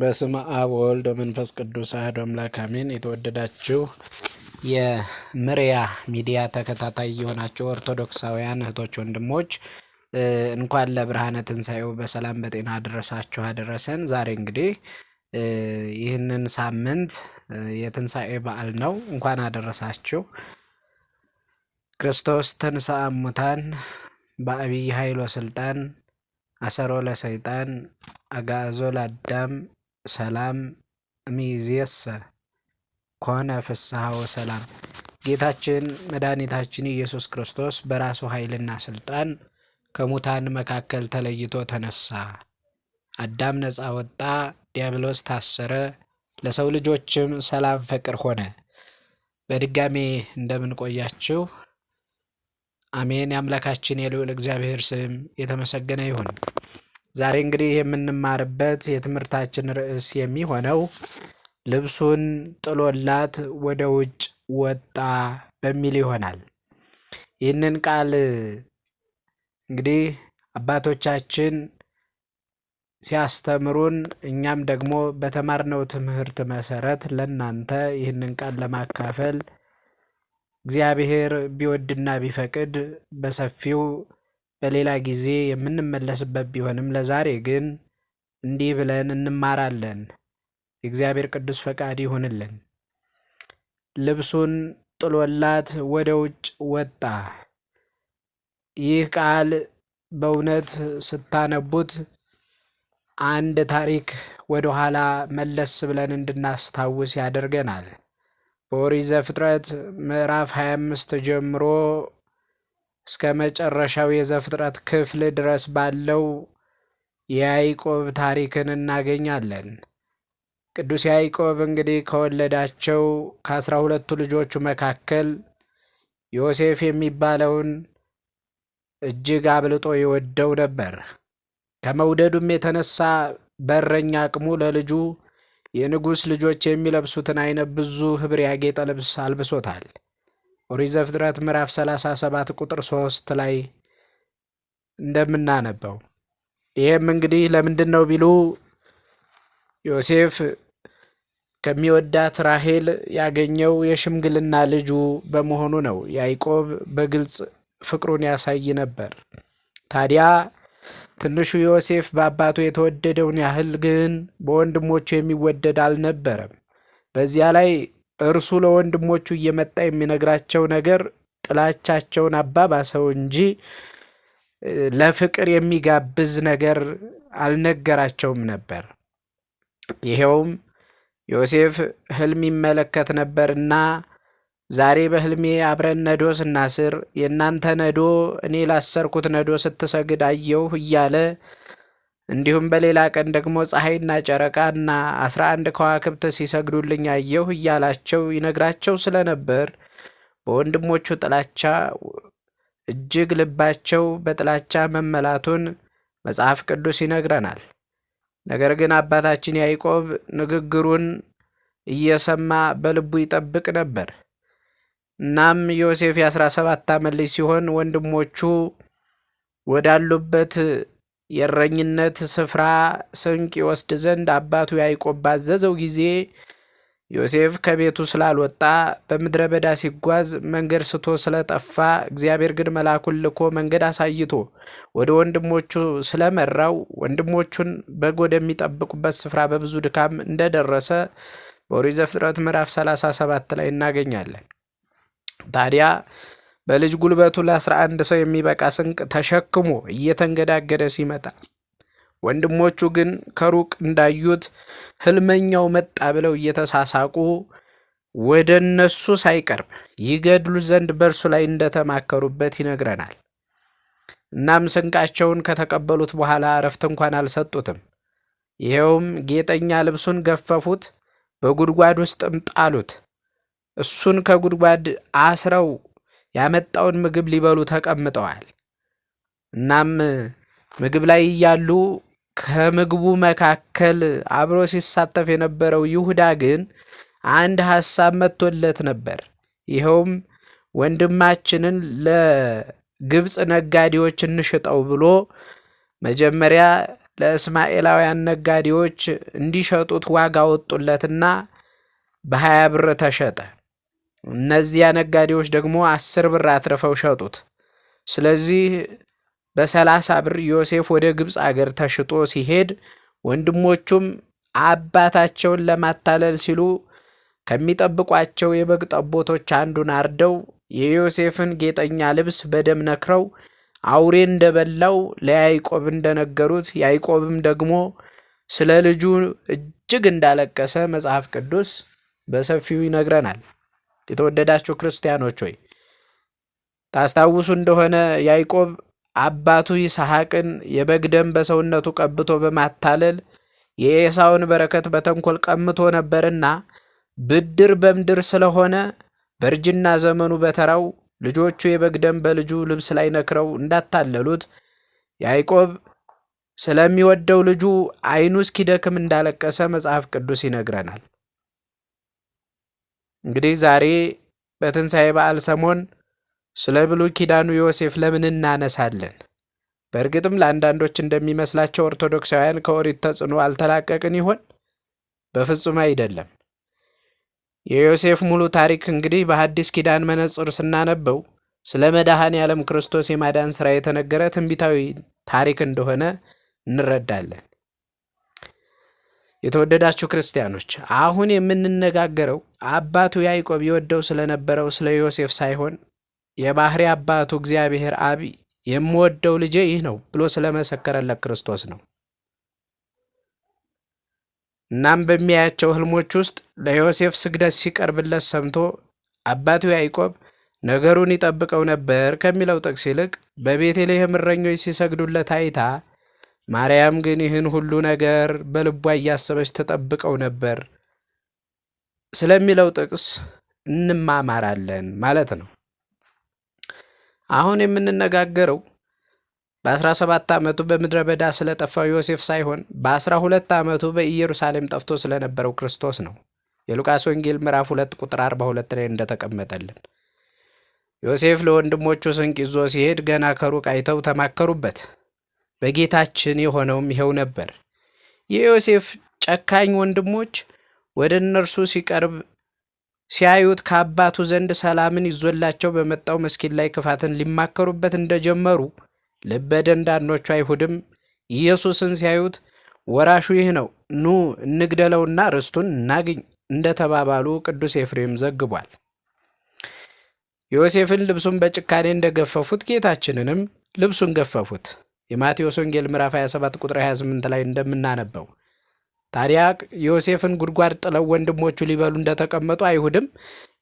በስመ አብ ወወልድ ወመንፈስ ቅዱስ አሐዱ አምላክ አሜን። የተወደዳችሁ የምሪያ ሚዲያ ተከታታይ የሆናችሁ ኦርቶዶክሳውያን እህቶች፣ ወንድሞች እንኳን ለብርሃነ ትንሣኤው በሰላም በጤና አደረሳችሁ አደረሰን። ዛሬ እንግዲህ ይህንን ሳምንት የትንሣኤ በዓል ነው። እንኳን አደረሳችሁ። ክርስቶስ ተንሥአ እሙታን በአብይ ኃይል ወሥልጣን አሰሮ ለሰይጣን አጋዞ ለአዳም ሰላም እምይእዜሰ ኮነ ፍስሐ ወሰላም። ጌታችን መድኃኒታችን ኢየሱስ ክርስቶስ በራሱ ኃይልና ስልጣን ከሙታን መካከል ተለይቶ ተነሳ። አዳም ነፃ ወጣ፣ ዲያብሎስ ታሰረ፣ ለሰው ልጆችም ሰላም ፍቅር ሆነ። በድጋሜ እንደምንቆያችሁ አሜን። የአምላካችን የልዑል እግዚአብሔር ስም የተመሰገነ ይሁን። ዛሬ እንግዲህ የምንማርበት የትምህርታችን ርዕስ የሚሆነው ልብሱን ጥሎላት ወደ ውጭ ወጣ በሚል ይሆናል። ይህንን ቃል እንግዲህ አባቶቻችን ሲያስተምሩን እኛም ደግሞ በተማርነው ትምህርት መሰረት ለእናንተ ይህንን ቃል ለማካፈል እግዚአብሔር ቢወድና ቢፈቅድ በሰፊው በሌላ ጊዜ የምንመለስበት ቢሆንም ለዛሬ ግን እንዲህ ብለን እንማራለን። የእግዚአብሔር ቅዱስ ፈቃድ ይሁንልን። ልብሱን ጥሎላት ወደ ውጭ ወጣ። ይህ ቃል በእውነት ስታነቡት አንድ ታሪክ ወደ ኋላ መለስ ብለን እንድናስታውስ ያደርገናል። በኦሪት ዘፍጥረት ምዕራፍ 25 ጀምሮ እስከ መጨረሻው የዘፍጥረት ክፍል ድረስ ባለው የያዕቆብ ታሪክን እናገኛለን። ቅዱስ ያዕቆብ እንግዲህ ከወለዳቸው ከአስራ ሁለቱ ልጆቹ መካከል ዮሴፍ የሚባለውን እጅግ አብልጦ ይወደው ነበር። ከመውደዱም የተነሳ በረኛ አቅሙ ለልጁ የንጉሥ ልጆች የሚለብሱትን አይነት ብዙ ኅብር ያጌጠ ልብስ አልብሶታል። ኦሪት ዘፍጥረት ምዕራፍ 37 ቁጥር 3 ላይ እንደምናነበው ይህም እንግዲህ ለምንድን ነው ቢሉ ዮሴፍ ከሚወዳት ራሄል ያገኘው የሽምግልና ልጁ በመሆኑ ነው። ያዕቆብ በግልጽ ፍቅሩን ያሳይ ነበር። ታዲያ ትንሹ ዮሴፍ በአባቱ የተወደደውን ያህል ግን በወንድሞቹ የሚወደድ አልነበረም። በዚያ ላይ እርሱ ለወንድሞቹ እየመጣ የሚነግራቸው ነገር ጥላቻቸውን አባባሰው እንጂ ለፍቅር የሚጋብዝ ነገር አልነገራቸውም ነበር። ይሄውም ዮሴፍ ሕልም ይመለከት ነበርና ዛሬ በሕልሜ አብረን ነዶ ስናስር የእናንተ ነዶ እኔ ላሰርኩት ነዶ ስትሰግድ አየሁ እያለ እንዲሁም በሌላ ቀን ደግሞ ፀሐይና ጨረቃና አስራ አንድ ከዋክብት ሲሰግዱልኝ አየሁ እያላቸው ይነግራቸው ስለነበር በወንድሞቹ ጥላቻ እጅግ ልባቸው በጥላቻ መመላቱን መጽሐፍ ቅዱስ ይነግረናል። ነገር ግን አባታችን ያዕቆብ ንግግሩን እየሰማ በልቡ ይጠብቅ ነበር። እናም ዮሴፍ የ17 ዓመት ልጅ ሲሆን ወንድሞቹ ወዳሉበት የእረኝነት ስፍራ ስንቅ ይወስድ ዘንድ አባቱ ያዕቆብ ባዘዘው ጊዜ ዮሴፍ ከቤቱ ስላልወጣ በምድረ በዳ ሲጓዝ መንገድ ስቶ ስለጠፋ እግዚአብሔር ግን መልአኩን ልኮ መንገድ አሳይቶ ወደ ወንድሞቹ ስለመራው ወንድሞቹን በግ ወደሚጠብቁበት ስፍራ በብዙ ድካም እንደደረሰ በኦሪት ዘፍጥረት ምዕራፍ 37 ላይ እናገኛለን። ታዲያ በልጅ ጉልበቱ ለአስራ አንድ ሰው የሚበቃ ስንቅ ተሸክሞ እየተንገዳገደ ሲመጣ ወንድሞቹ ግን ከሩቅ እንዳዩት ህልመኛው መጣ ብለው እየተሳሳቁ ወደ እነሱ ሳይቀርብ ይገድሉ ዘንድ በእርሱ ላይ እንደተማከሩበት ይነግረናል። እናም ስንቃቸውን ከተቀበሉት በኋላ እረፍት እንኳን አልሰጡትም። ይኸውም ጌጠኛ ልብሱን ገፈፉት፣ በጉድጓድ ውስጥም ጣሉት። እሱን ከጉድጓድ አስረው ያመጣውን ምግብ ሊበሉ ተቀምጠዋል። እናም ምግብ ላይ እያሉ ከምግቡ መካከል አብሮ ሲሳተፍ የነበረው ይሁዳ ግን አንድ ሐሳብ መጥቶለት ነበር። ይኸውም ወንድማችንን ለግብፅ ነጋዴዎች እንሽጠው ብሎ መጀመሪያ ለእስማኤላውያን ነጋዴዎች እንዲሸጡት ዋጋ ወጡለትና በሀያ ብር ተሸጠ። እነዚያ ነጋዴዎች ደግሞ አስር ብር አትርፈው ሸጡት። ስለዚህ በሰላሳ ብር ዮሴፍ ወደ ግብፅ አገር ተሽጦ ሲሄድ ወንድሞቹም አባታቸውን ለማታለል ሲሉ ከሚጠብቋቸው የበግ ጠቦቶች አንዱን አርደው የዮሴፍን ጌጠኛ ልብስ በደም ነክረው አውሬ እንደበላው ለያይቆብ እንደነገሩት ያይቆብም ደግሞ ስለ ልጁ እጅግ እንዳለቀሰ መጽሐፍ ቅዱስ በሰፊው ይነግረናል። የተወደዳችሁ ክርስቲያኖች ሆይ ታስታውሱ እንደሆነ ያዕቆብ አባቱ ይስሐቅን የበግ ደም በሰውነቱ ቀብቶ በማታለል የኤሳውን በረከት በተንኮል ቀምቶ ነበርና ብድር በምድር ስለሆነ በእርጅና ዘመኑ በተራው ልጆቹ የበግ ደም በልጁ ልብስ ላይ ነክረው እንዳታለሉት ያዕቆብ ስለሚወደው ልጁ ዓይኑ እስኪደክም እንዳለቀሰ መጽሐፍ ቅዱስ ይነግረናል። እንግዲህ ዛሬ በትንሣኤ በዓል ሰሞን ስለ ብሉ ኪዳኑ ዮሴፍ ለምን እናነሳለን? በእርግጥም ለአንዳንዶች እንደሚመስላቸው ኦርቶዶክሳውያን ከኦሪት ተጽዕኖ አልተላቀቅን ይሆን? በፍጹም አይደለም። የዮሴፍ ሙሉ ታሪክ እንግዲህ በሐዲስ ኪዳን መነጽር ስናነበው ስለ መድኃኔ ዓለም ክርስቶስ የማዳን ሥራ የተነገረ ትንቢታዊ ታሪክ እንደሆነ እንረዳለን። የተወደዳችሁ ክርስቲያኖች አሁን የምንነጋገረው አባቱ ያዕቆብ ይወደው ስለነበረው ስለ ዮሴፍ ሳይሆን የባህሪ አባቱ እግዚአብሔር አብ የምወደው ልጄ ይህ ነው ብሎ ስለመሰከረለት ክርስቶስ ነው። እናም በሚያያቸው ህልሞች ውስጥ ለዮሴፍ ስግደት ሲቀርብለት ሰምቶ አባቱ ያዕቆብ ነገሩን ይጠብቀው ነበር ከሚለው ጥቅስ ይልቅ በቤተልሔም እረኞች ሲሰግዱለት አይታ ማርያም ግን ይህን ሁሉ ነገር በልቧ እያሰበች ተጠብቀው ነበር ስለሚለው ጥቅስ እንማማራለን ማለት ነው። አሁን የምንነጋገረው በ17 ዓመቱ በምድረ በዳ ስለጠፋው ዮሴፍ ሳይሆን በ12 ዓመቱ በኢየሩሳሌም ጠፍቶ ስለነበረው ክርስቶስ ነው። የሉቃስ ወንጌል ምዕራፍ 2 ቁጥር 42 ላይ እንደተቀመጠልን ዮሴፍ ለወንድሞቹ ስንቅ ይዞ ሲሄድ ገና ከሩቅ አይተው ተማከሩበት። በጌታችን የሆነውም ይኸው ነበር። የዮሴፍ ጨካኝ ወንድሞች ወደ እነርሱ ሲቀርብ ሲያዩት ከአባቱ ዘንድ ሰላምን ይዞላቸው በመጣው መስኪን ላይ ክፋትን ሊማከሩበት እንደጀመሩ ልበ ደንዳኖቹ አይሁድም ኢየሱስን ሲያዩት ወራሹ ይህ ነው፣ ኑ እንግደለውና ርስቱን እናግኝ እንደተባባሉ ቅዱስ ኤፍሬም ዘግቧል። ዮሴፍን ልብሱን በጭካኔ እንደገፈፉት ጌታችንንም ልብሱን ገፈፉት። የማቴዎስ ወንጌል ምዕራፍ 27 ቁጥር 28 ላይ እንደምናነበው ታዲያ ዮሴፍን ጉድጓድ ጥለው ወንድሞቹ ሊበሉ እንደተቀመጡ አይሁድም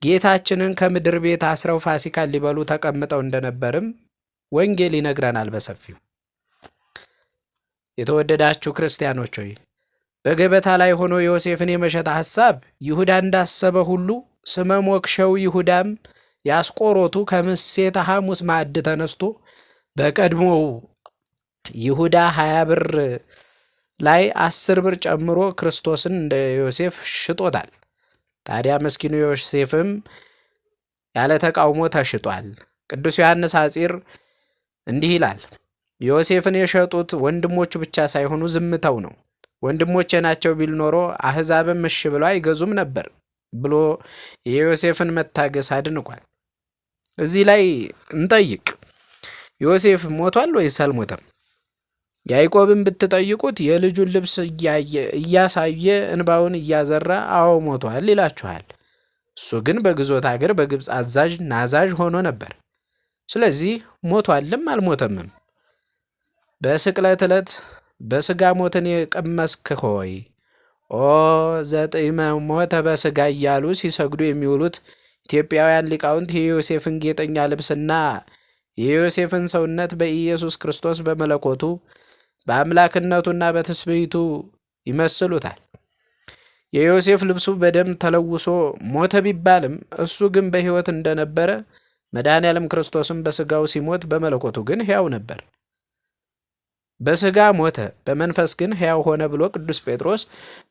ጌታችንን ከምድር ቤት አስረው ፋሲካን ሊበሉ ተቀምጠው እንደነበርም ወንጌል ይነግረናል በሰፊው። የተወደዳችሁ ክርስቲያኖች ሆይ በገበታ ላይ ሆኖ ዮሴፍን የመሸጥ ሐሳብ ይሁዳ እንዳሰበ ሁሉ ስመ ሞክሸው ይሁዳም ያስቆሮቱ ከምሴተ ሐሙስ ማዕድ ተነስቶ በቀድሞው ይሁዳ ሀያ ብር ላይ አስር ብር ጨምሮ ክርስቶስን እንደ ዮሴፍ ሽጦታል። ታዲያ መስኪኑ ዮሴፍም ያለ ተቃውሞ ተሽጧል። ቅዱስ ዮሐንስ ሐጺር እንዲህ ይላል፣ ዮሴፍን የሸጡት ወንድሞቹ ብቻ ሳይሆኑ ዝምተው ነው። ወንድሞቼ ናቸው ቢል ኖሮ አሕዛብም እሺ ብለው አይገዙም ነበር ብሎ የዮሴፍን መታገስ አድንቋል። እዚህ ላይ እንጠይቅ፣ ዮሴፍ ሞቷል ወይስ አልሞተም? ያዕቆብን ብትጠይቁት የልጁን ልብስ እያሳየ እንባውን እያዘራ አዎ ሞቷል ይላችኋል። እሱ ግን በግዞት አገር በግብፅ አዛዥ ናዛዥ ሆኖ ነበር። ስለዚህ ሞቷልም አልሞተምም። በስቅለት ዕለት በስጋ ሞትን የቀመስክ ሆይ ኦ ዘጢመ ሞተ በስጋ እያሉ ሲሰግዱ የሚውሉት ኢትዮጵያውያን ሊቃውንት የዮሴፍን ጌጠኛ ልብስና የዮሴፍን ሰውነት በኢየሱስ ክርስቶስ በመለኮቱ በአምላክነቱና በትስብእቱ ይመስሉታል። የዮሴፍ ልብሱ በደም ተለውሶ ሞተ ቢባልም እሱ ግን በሕይወት እንደነበረ መድኃኔዓለም ክርስቶስም በሥጋው ሲሞት በመለኮቱ ግን ሕያው ነበር። በሥጋ ሞተ በመንፈስ ግን ሕያው ሆነ ብሎ ቅዱስ ጴጥሮስ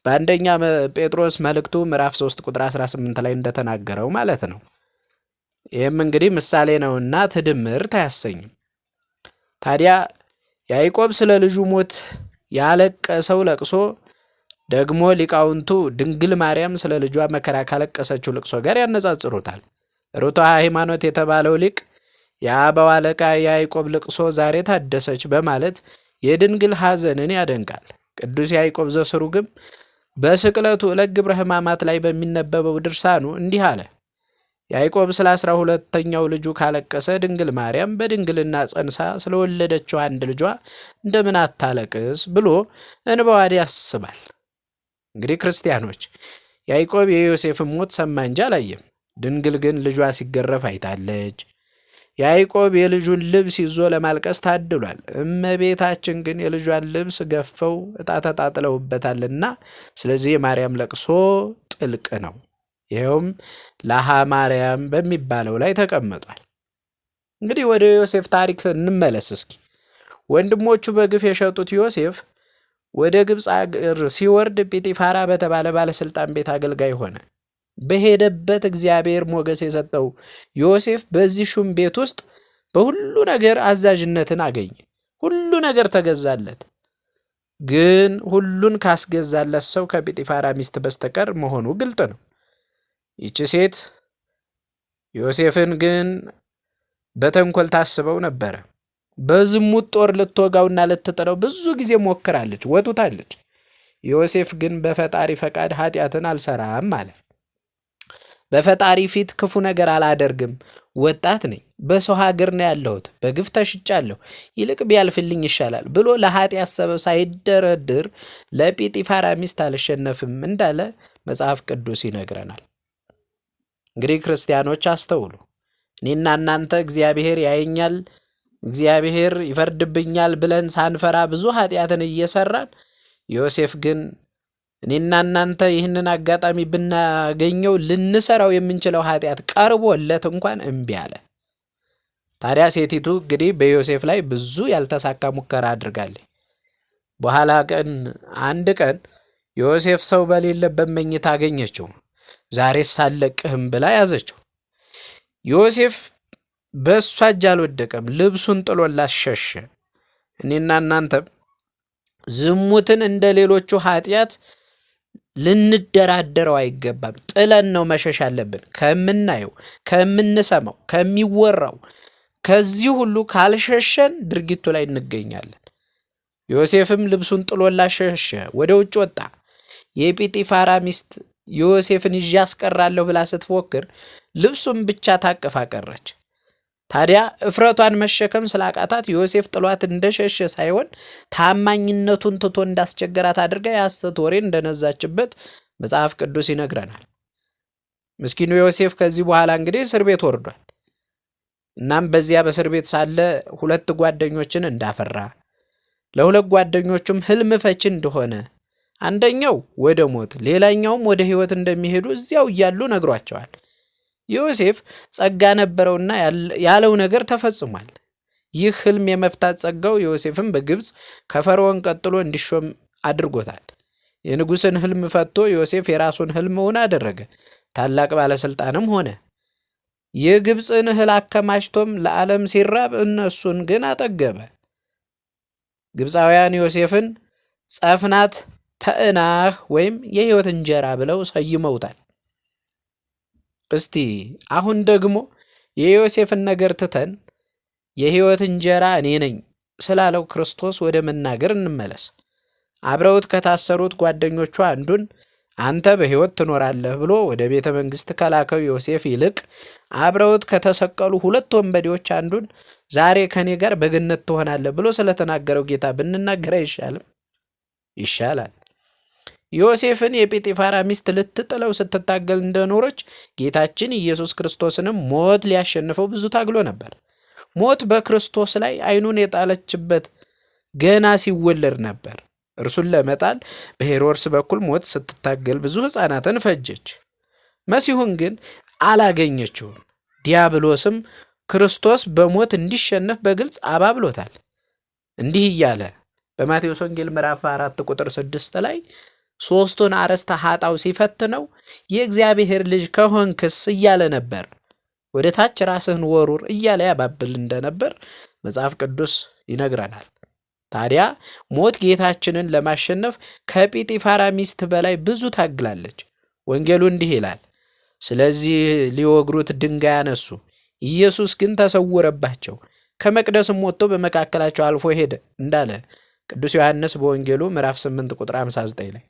በአንደኛ ጴጥሮስ መልእክቱ ምዕራፍ 3 ቁጥር 18 ላይ እንደተናገረው ማለት ነው። ይህም እንግዲህ ምሳሌ ነውና ትድምርት አያሰኝም። ታዲያ ያዕቆብ ስለ ልጁ ሞት ያለቀሰው ለቅሶ ደግሞ ሊቃውንቱ ድንግል ማርያም ስለ ልጇ መከራ ካለቀሰችው ልቅሶ ጋር ያነጻጽሩታል። ርቱዐ ሃይማኖት የተባለው ሊቅ የአበው አለቃ የያዕቆብ ልቅሶ ዛሬ ታደሰች በማለት የድንግል ሐዘንን ያደንቃል። ቅዱስ ያዕቆብ ዘስሩግም በስቅለቱ ዕለት ግብረ ሕማማት ላይ በሚነበበው ድርሳኑ እንዲህ አለ። ያዕቆብ ስለ አስራ ሁለተኛው ልጁ ካለቀሰ ድንግል ማርያም በድንግልና ጸንሳ ስለወለደችው አንድ ልጇ እንደምን አታለቅስ ብሎ እንበዋድ ያስባል። እንግዲህ ክርስቲያኖች ያዕቆብ የዮሴፍን ሞት ሰማ እንጂ አላየም። ድንግል ግን ልጇ ሲገረፍ አይታለች። ያዕቆብ የልጁን ልብስ ይዞ ለማልቀስ ታድሏል። እመቤታችን ግን የልጇን ልብስ ገፈው ዕጣ ተጣጥለውበታልና፣ ስለዚህ የማርያም ለቅሶ ጥልቅ ነው። ይኸውም ላሃ ማርያም በሚባለው ላይ ተቀምጧል። እንግዲህ ወደ ዮሴፍ ታሪክ እንመለስ እስኪ። ወንድሞቹ በግፍ የሸጡት ዮሴፍ ወደ ግብፅ አገር ሲወርድ ጲጢፋራ በተባለ ባለሥልጣን ቤት አገልጋይ ሆነ። በሄደበት እግዚአብሔር ሞገስ የሰጠው ዮሴፍ በዚህ ሹም ቤት ውስጥ በሁሉ ነገር አዛዥነትን አገኘ። ሁሉ ነገር ተገዛለት። ግን ሁሉን ካስገዛለት ሰው ከጲጢፋራ ሚስት በስተቀር መሆኑ ግልጥ ነው። ይቺ ሴት ዮሴፍን ግን በተንኮል ታስበው ነበረ። በዝሙት ጦር ልትወጋውና ልትጥለው ብዙ ጊዜ ሞክራለች፣ ወጡታለች። ዮሴፍ ግን በፈጣሪ ፈቃድ ኃጢአትን አልሰራም አለ። በፈጣሪ ፊት ክፉ ነገር አላደርግም፣ ወጣት ነኝ፣ በሰው ሀገር ነው ያለሁት፣ በግፍ ተሽጫለሁ፣ ይልቅ ቢያልፍልኝ ይሻላል ብሎ ለኃጢአት ሰበብ ሳይደረድር ለጲጢፋራ ሚስት አልሸነፍም እንዳለ መጽሐፍ ቅዱስ ይነግረናል። እንግዲህ ክርስቲያኖች አስተውሉ። እኔና እናንተ እግዚአብሔር ያየኛል፣ እግዚአብሔር ይፈርድብኛል ብለን ሳንፈራ ብዙ ኃጢአትን እየሰራን ዮሴፍ ግን እኔና እናንተ ይህንን አጋጣሚ ብናገኘው ልንሰራው የምንችለው ኃጢአት ቀርቦለት እንኳን እምቢ አለ። ታዲያ ሴቲቱ እንግዲህ በዮሴፍ ላይ ብዙ ያልተሳካ ሙከራ አድርጋለች። በኋላ ቀን አንድ ቀን ዮሴፍ ሰው በሌለበት መኝታ አገኘችው። ዛሬ ሳለቅህም ብላ ያዘችው። ዮሴፍ በእሷ እጅ አልወደቀም፣ ልብሱን ጥሎላት ሸሸ። እኔና እናንተም ዝሙትን እንደ ሌሎቹ ኃጢአት ልንደራደረው አይገባም። ጥለን ነው መሸሽ አለብን። ከምናየው፣ ከምንሰማው፣ ከሚወራው ከዚህ ሁሉ ካልሸሸን ድርጊቱ ላይ እንገኛለን። ዮሴፍም ልብሱን ጥሎላት ሸሸ፣ ወደ ውጭ ወጣ። የጲጢፋራ ሚስት ዮሴፍን ይዤ አስቀራለሁ ብላ ስትፎክር ልብሱን ብቻ ታቅፋ ቀረች። ታዲያ እፍረቷን መሸከም ስላቃታት ዮሴፍ ጥሏት እንደሸሸ ሳይሆን ታማኝነቱን ትቶ እንዳስቸገራት አድርጋ የሐሰት ወሬ እንደነዛችበት መጽሐፍ ቅዱስ ይነግረናል። ምስኪኑ ዮሴፍ ከዚህ በኋላ እንግዲህ እስር ቤት ወርዷል። እናም በዚያ በእስር ቤት ሳለ ሁለት ጓደኞችን እንዳፈራ ለሁለት ጓደኞቹም ህልም ፈቺ እንደሆነ አንደኛው ወደ ሞት ሌላኛውም ወደ ሕይወት እንደሚሄዱ እዚያው እያሉ ነግሯቸዋል። ዮሴፍ ጸጋ ነበረውና ያለው ነገር ተፈጽሟል። ይህ ህልም የመፍታት ጸጋው ዮሴፍን በግብፅ ከፈርዖን ቀጥሎ እንዲሾም አድርጎታል። የንጉሥን ህልም ፈቶ ዮሴፍ የራሱን ህልም እውን አደረገ። ታላቅ ባለሥልጣንም ሆነ። የግብፅን እህል አከማችቶም ለዓለም ሲራብ እነሱን ግን አጠገበ። ግብፃውያን ዮሴፍን ጸፍናት ተእናህ ወይም የህይወት እንጀራ ብለው ሰይመውታል። እስቲ አሁን ደግሞ የዮሴፍን ነገር ትተን የህይወት እንጀራ እኔ ነኝ ስላለው ክርስቶስ ወደ መናገር እንመለስ። አብረውት ከታሰሩት ጓደኞቹ አንዱን አንተ በህይወት ትኖራለህ ብሎ ወደ ቤተ መንግሥት ከላከው ዮሴፍ ይልቅ አብረውት ከተሰቀሉ ሁለት ወንበዴዎች አንዱን ዛሬ ከኔ ጋር በገነት ትሆናለህ ብሎ ስለተናገረው ጌታ ብንናገር አይሻልም? ይሻላል። ዮሴፍን የጴጢፋራ ሚስት ልትጥለው ስትታገል እንደኖረች ጌታችን ኢየሱስ ክርስቶስንም ሞት ሊያሸንፈው ብዙ ታግሎ ነበር። ሞት በክርስቶስ ላይ ዓይኑን የጣለችበት ገና ሲወለድ ነበር። እርሱን ለመጣል በሄሮድስ በኩል ሞት ስትታገል ብዙ ሕፃናትን ፈጀች። መሲሁን ግን አላገኘችውም። ዲያብሎስም ክርስቶስ በሞት እንዲሸነፍ በግልጽ አባብሎታል። እንዲህ እያለ በማቴዎስ ወንጌል ምዕራፍ 4 ቁጥር 6 ላይ ሶስቱን አርዕስተ ሲፈት ሲፈትነው የእግዚአብሔር ልጅ ከሆንክስ እያለ ነበር። ወደ ታች ራስህን ወሩር እያለ ያባብል እንደነበር መጽሐፍ ቅዱስ ይነግረናል። ታዲያ ሞት ጌታችንን ለማሸነፍ ከጲጢፋራ ሚስት በላይ ብዙ ታግላለች። ወንጌሉ እንዲህ ይላል፣ ስለዚህ ሊወግሩት ድንጋይ አነሱ፣ ኢየሱስ ግን ተሰወረባቸው፣ ከመቅደስም ወጥቶ በመካከላቸው አልፎ ሄደ እንዳለ ቅዱስ ዮሐንስ በወንጌሉ ምዕራፍ 8 ቁጥር 59 ላይ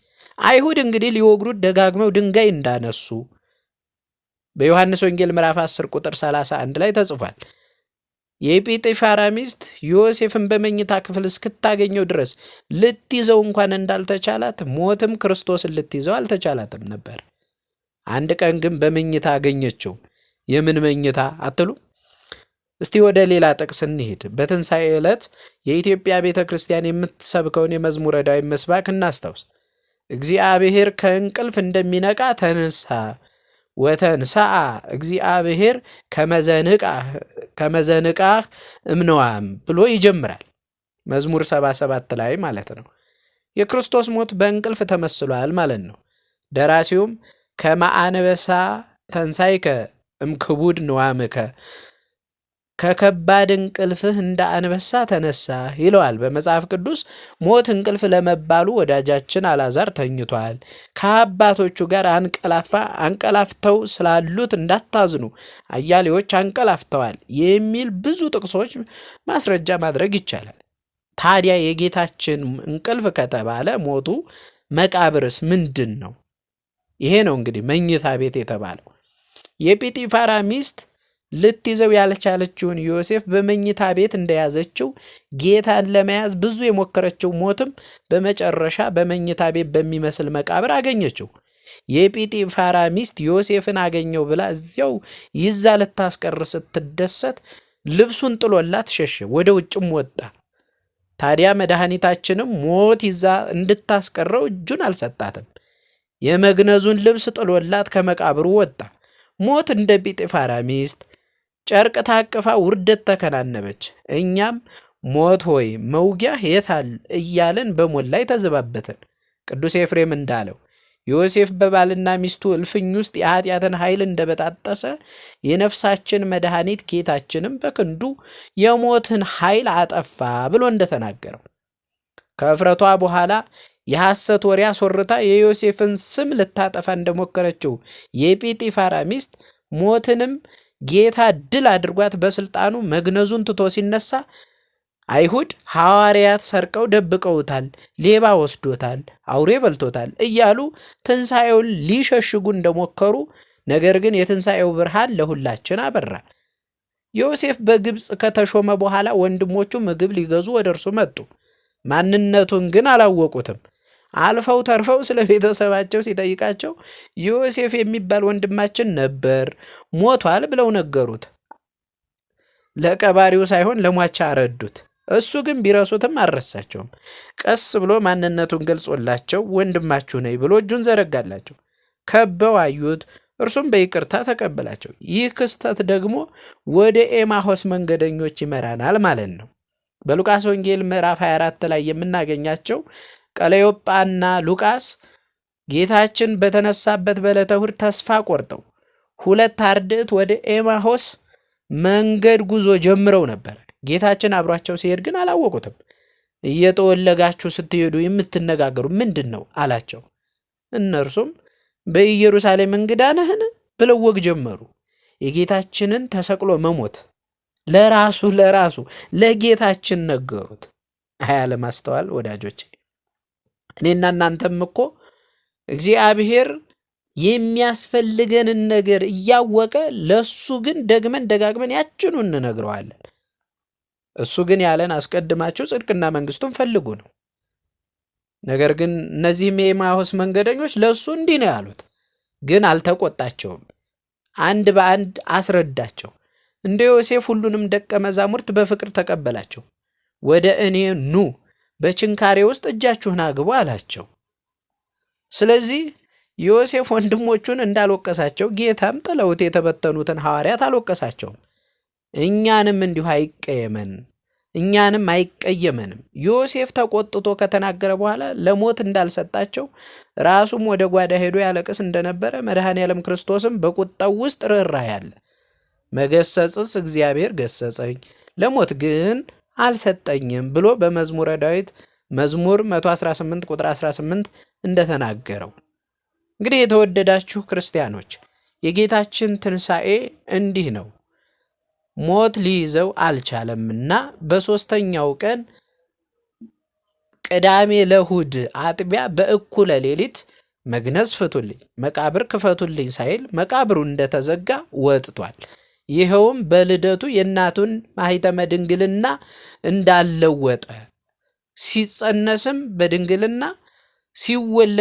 አይሁድ እንግዲህ ሊወግሩት ደጋግመው ድንጋይ እንዳነሱ በዮሐንስ ወንጌል ምዕራፍ 10 ቁጥር 31 ላይ ተጽፏል። የጲጢፋራ ሚስት ዮሴፍን በመኝታ ክፍል እስክታገኘው ድረስ ልትይዘው እንኳን እንዳልተቻላት ሞትም ክርስቶስን ልትይዘው አልተቻላትም ነበር። አንድ ቀን ግን በመኝታ አገኘችው። የምን መኝታ አትሉ? እስቲ ወደ ሌላ ጥቅስ እንሂድ። በትንሣኤ ዕለት የኢትዮጵያ ቤተ ክርስቲያን የምትሰብከውን የመዝሙረ ዳዊት መስባክ እናስታውስ። እግዚአብሔር ከእንቅልፍ እንደሚነቃ ተንሳ ወተንሳአ እግዚአብሔር ከመዘንቃ እምነዋም ብሎ ይጀምራል። መዝሙር 77 ላይ ማለት ነው። የክርስቶስ ሞት በእንቅልፍ ተመስሏል ማለት ነው። ደራሲውም ከማአነበሳ ተንሳይከ እምክቡድ ንዋምከ ከከባድ እንቅልፍህ እንደ አንበሳ ተነሳ ይለዋል በመጽሐፍ ቅዱስ። ሞት እንቅልፍ ለመባሉ ወዳጃችን አላዛር ተኝቷል። ከአባቶቹ ጋር አንቀላፋ አንቀላፍተው ስላሉት እንዳታዝኑ አያሌዎች አንቀላፍተዋል የሚል ብዙ ጥቅሶች ማስረጃ ማድረግ ይቻላል። ታዲያ የጌታችን እንቅልፍ ከተባለ ሞቱ መቃብርስ ምንድን ነው? ይሄ ነው እንግዲህ መኝታ ቤት የተባለው የጲጢፋራ ሚስት ልትይዘው ያልቻለችውን ዮሴፍ በመኝታ ቤት እንደያዘችው ጌታን ለመያዝ ብዙ የሞከረችው ሞትም በመጨረሻ በመኝታ ቤት በሚመስል መቃብር አገኘችው። የጲጢፋራ ሚስት ዮሴፍን አገኘው ብላ እዚያው ይዛ ልታስቀር ስትደሰት ልብሱን ጥሎላት ሸሸ፣ ወደ ውጭም ወጣ። ታዲያ መድኃኒታችንም ሞት ይዛ እንድታስቀረው እጁን አልሰጣትም። የመግነዙን ልብስ ጥሎላት ከመቃብሩ ወጣ። ሞት እንደ ጲጢፋራ ሚስት ጨርቅ ታቅፋ ውርደት ተከናነበች። እኛም ሞት ሆይ መውጊያ የታል እያለን በሞት ላይ ተዘባበትን። ቅዱስ ኤፍሬም እንዳለው ዮሴፍ በባልና ሚስቱ እልፍኝ ውስጥ የኃጢአትን ኃይል እንደበጣጠሰ የነፍሳችን መድኃኒት ጌታችንም በክንዱ የሞትን ኃይል አጠፋ ብሎ እንደተናገረው ከእፍረቷ በኋላ የሐሰት ወሬ አስወርታ የዮሴፍን ስም ልታጠፋ እንደሞከረችው የጲጢፋራ ሚስት ሞትንም ጌታ ድል አድርጓት በስልጣኑ መግነዙን ትቶ ሲነሳ አይሁድ ሐዋርያት ሰርቀው ደብቀውታል፣ ሌባ ወስዶታል፣ አውሬ በልቶታል እያሉ ትንሣኤውን ሊሸሽጉ እንደሞከሩ፣ ነገር ግን የትንሣኤው ብርሃን ለሁላችን አበራ። ዮሴፍ በግብፅ ከተሾመ በኋላ ወንድሞቹ ምግብ ሊገዙ ወደ እርሱ መጡ። ማንነቱን ግን አላወቁትም። አልፈው ተርፈው ስለ ቤተሰባቸው ሲጠይቃቸው ዮሴፍ የሚባል ወንድማችን ነበር፣ ሞቷል ብለው ነገሩት። ለቀባሪው ሳይሆን ለሟቻ አረዱት። እሱ ግን ቢረሱትም አልረሳቸውም። ቀስ ብሎ ማንነቱን ገልጾላቸው ወንድማችሁ ነኝ ብሎ እጁን ዘረጋላቸው። ከበው አዩት። እርሱም በይቅርታ ተቀበላቸው። ይህ ክስተት ደግሞ ወደ ኤማሆስ መንገደኞች ይመራናል ማለት ነው። በሉቃስ ወንጌል ምዕራፍ 24 ላይ የምናገኛቸው ቀለዮጳና ሉቃስ ጌታችን በተነሳበት በዕለተ ተስፋ ቆርጠው ሁለት አርድዕት ወደ ኤማሆስ መንገድ ጉዞ ጀምረው ነበር። ጌታችን አብሯቸው ሲሄድ ግን አላወቁትም። እየጠወለጋችሁ ስትሄዱ የምትነጋገሩ ምንድን ነው አላቸው። እነርሱም በኢየሩሳሌም እንግዳ ነህን ብለው ወግ ጀመሩ። የጌታችንን ተሰቅሎ መሞት ለራሱ ለራሱ ለጌታችን ነገሩት። አያለማስተዋል ወዳጆቼ እኔና እናንተም እኮ እግዚአብሔር የሚያስፈልገንን ነገር እያወቀ ለእሱ ግን ደግመን ደጋግመን ያችኑ እንነግረዋለን። እሱ ግን ያለን አስቀድማችሁ ጽድቅና መንግስቱን ፈልጉ ነው። ነገር ግን እነዚህም የኤማሁስ መንገደኞች ለእሱ እንዲህ ነው ያሉት፣ ግን አልተቆጣቸውም። አንድ በአንድ አስረዳቸው። እንደ ዮሴፍ ሁሉንም ደቀ መዛሙርት በፍቅር ተቀበላቸው። ወደ እኔ ኑ በችንካሬ ውስጥ እጃችሁን አግቡ አላቸው። ስለዚህ ዮሴፍ ወንድሞቹን እንዳልወቀሳቸው ጌታም ጥለውት የተበተኑትን ሐዋርያት አልወቀሳቸውም። እኛንም እንዲሁ አይቀየመን፣ እኛንም አይቀየመንም። ዮሴፍ ተቆጥቶ ከተናገረ በኋላ ለሞት እንዳልሰጣቸው ራሱም ወደ ጓዳ ሄዶ ያለቅስ እንደነበረ መድኃኔ ዓለም ክርስቶስም በቁጣው ውስጥ ርኅራኄ ያለ መገሰጽስ እግዚአብሔር ገሰጸኝ፣ ለሞት ግን አልሰጠኝም ብሎ በመዝሙረ ዳዊት መዝሙር 118 ቁጥር 18 እንደተናገረው። እንግዲህ የተወደዳችሁ ክርስቲያኖች የጌታችን ትንሣኤ እንዲህ ነው። ሞት ሊይዘው አልቻለምና በሦስተኛው ቀን ቅዳሜ ለሁድ አጥቢያ በእኩለ ሌሊት መግነዝ ፍቱልኝ፣ መቃብር ክፈቱልኝ ሳይል መቃብሩ እንደተዘጋ ወጥቷል። ይኸውም በልደቱ የእናቱን ማኅተመ ድንግልና እንዳለወጠ ሲጸነስም በድንግልና ሲወለድ